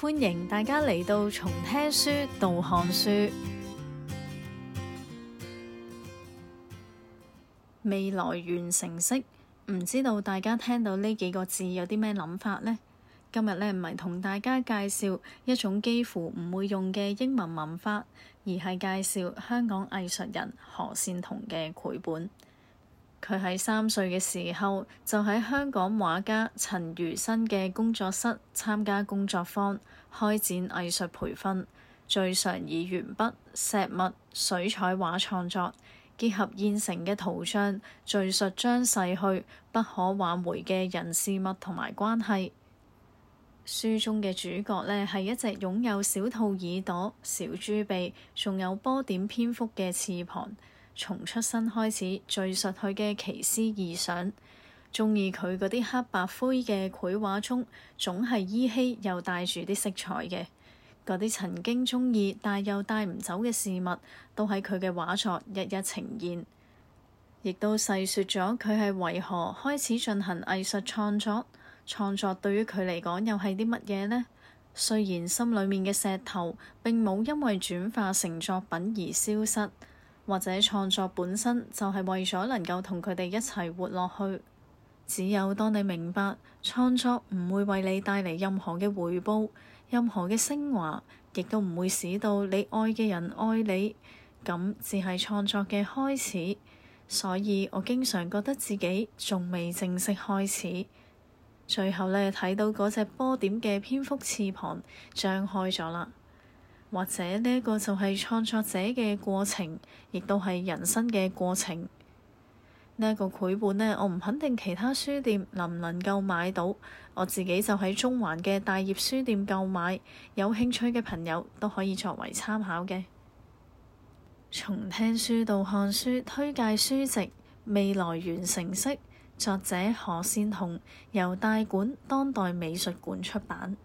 歡迎大家嚟到從聽書到看書。未來完成式，唔知道大家聽到呢幾個字有啲咩諗法呢？今日咧唔係同大家介紹一種幾乎唔會用嘅英文文法，而係介紹香港藝術人何倩彤嘅繪本。佢喺三歲嘅時候就喺香港畫家陳如新嘅工作室參加工作坊，開展藝術培訓。最常以鉛筆、石墨、水彩畫創作，結合現成嘅圖像，敘述將逝去、不可挽回嘅人事物同埋關係。書中嘅主角呢，係一隻擁有小兔耳朵、小豬鼻，仲有波點蝙蝠嘅翅膀。從出生開始，敘述佢嘅奇思異想，中意佢嗰啲黑白灰嘅繪畫中，總係依稀又帶住啲色彩嘅嗰啲曾經中意，但又帶唔走嘅事物，都喺佢嘅畫作日日呈現，亦都細說咗佢係為何開始進行藝術創作，創作對於佢嚟講又係啲乜嘢呢？雖然心裏面嘅石頭並冇因為轉化成作品而消失。或者創作本身就係為咗能夠同佢哋一齊活落去。只有當你明白創作唔會為你帶嚟任何嘅回報、任何嘅升華，亦都唔會使到你愛嘅人愛你，咁只係創作嘅開始。所以我經常覺得自己仲未正式開始。最後呢，睇到嗰隻波點嘅蝙蝠翅膀張開咗啦。或者呢一、這個就係創作者嘅過程，亦都係人生嘅過程。呢、這、一個繪本呢，我唔肯定其他書店能唔能夠買到，我自己就喺中環嘅大業書店購買。有興趣嘅朋友都可以作為參考嘅。從聽書到看書，推介書籍《未來完成式》，作者何倩彤，由大館當代美術館出版。